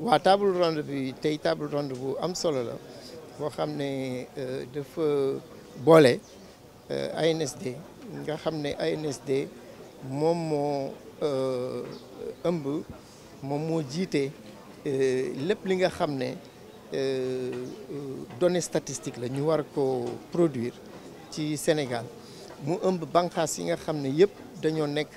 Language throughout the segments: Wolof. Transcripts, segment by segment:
waa table ronde bi tey table ronde bu am solo la boo xam ne euh, dafa boole euh, ANSD nga xam ne ANSD moom moo euh, ëmb moom moo jiite lépp li nga xam ne données statistiques la ñu war ko produire ci Sénégal mu ëmb bànqaas yi nga xam ne yëpp dañoo nekk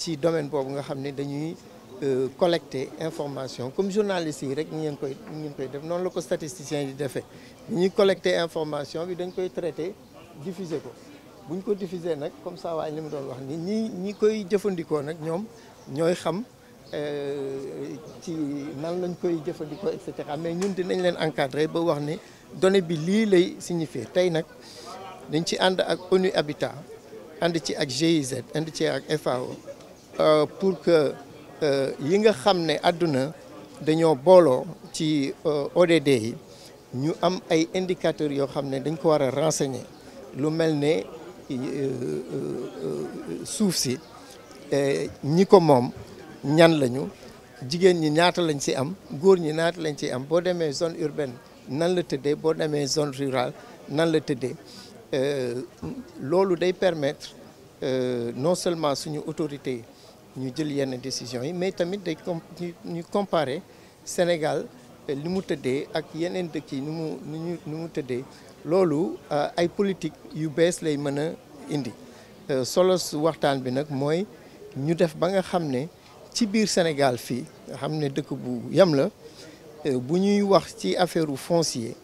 ci domaine boobu nga xam ne dañuy euh, collecte information comme journaliste yi rek ñu ngeen koy ñu koy def noonu la ko statisticien yi defee ñi collecter information bi dañ koy traité diffuser ko bu ñu ko diffuser nag comme ça waaye li mu doon wax ni ñi ñi koy jëfandikoo nag ñoom ñooy xam euh, ci nan lañ koy jëfandikoo et mais ñun dinañ leen encadrer ba wax ni donnée bi lii lay signifier tey nag dañ ci ànd ak ONU Habitat ànd ci ak GIZ ànd ci ak FAO euh, pour que euh, yi nga xam ne àdduna dañoo booloo ci euh, ODD yi ñu am ay indicateurs yoo xam ne dañ ko war a renseigner lu mel ne suuf si ñi ko moom ñan lañu jigéen ñi ñaata lañ si am góor ñi ñaata lañ si am boo demee zone urbaine nan la tëddee boo demee zone rurale nan la tëddee Euh, loolu day permettre euh, non seulement suñu autorité ñu jël yenn décisions yi mais tamit day ñu comparer Sénégal euh, li mu tëddee ak yeneen dëkk yi nu mu nu ñu nu mu tëddee loolu ay politique yu bees lay mën a indi solo waxtaan bi nag mooy ñu def ba nga xam ne ci biir Sénégal fii nga xam ne dëkk bu yam la bu ñuy wax ci affaire foncier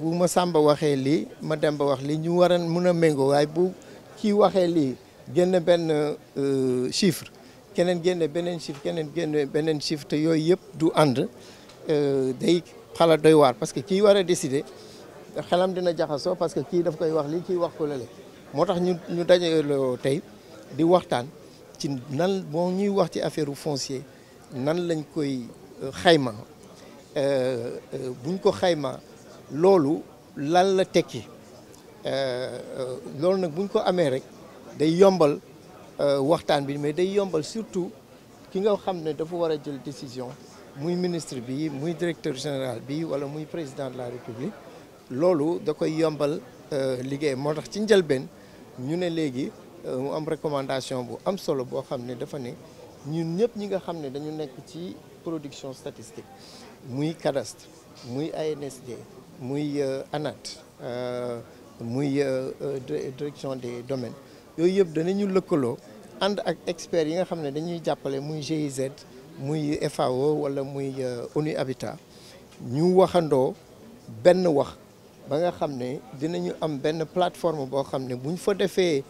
bu ma sàmba waxee lii ma dem ba wax lii ñu war a mun a méngoo waaye bu kii waxee lii génn benn euh, chiffre keneen génne beneen chiffre keneen génne beneen chiffre te yooyu yëpp du ànd euh, day xala doy waar parce que kii war a xelam dina jaxasoo parce que kii daf koy wax lii kii wax ko lale moo tax ñu ñu dajaloo tey di waxtaan ci nan moo ñuy wax ci affaire foncier nan lañ koy euh, xayma Euh, euh, buñ ko xayma loolu lan la tekki euh, loolu nag buñ ko amee rek day yombal waxtaan bi mais day yombal surtout ki nga xam ne dafa war a jël décision muy ministre bi muy directeur général bi wala muy président de la république loolu da koy yombal liggéey moo tax ci njëlbeen ñu ne léegi mu am recommandation bu am solo boo xam ne dafa ne ñun ñëpp ñi nga xam ne dañu nekk ci production statistique muy cadastre muy ANSD muy euh, ANAT euh, muy euh, direction de domaines yooyu yëpp danañu lëkkaloo ànd ak experts yi nga xam ne dañuy jàppale muy GIZ muy FAO wala muy ONU Habitat ñu waxandoo benn wax ba nga xam ne dinañu am benn plateforme boo xam ne bu ñu fa defee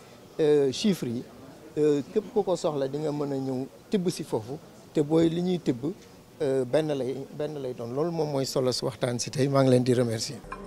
chiffres yi képp ku ko soxla di nga mën a ñëw tibb si foofu te booy li ñuy tibb euh, benn lay benn lay doon loolu moom mooy solos waxtaan si tey maa ngi leen di remercier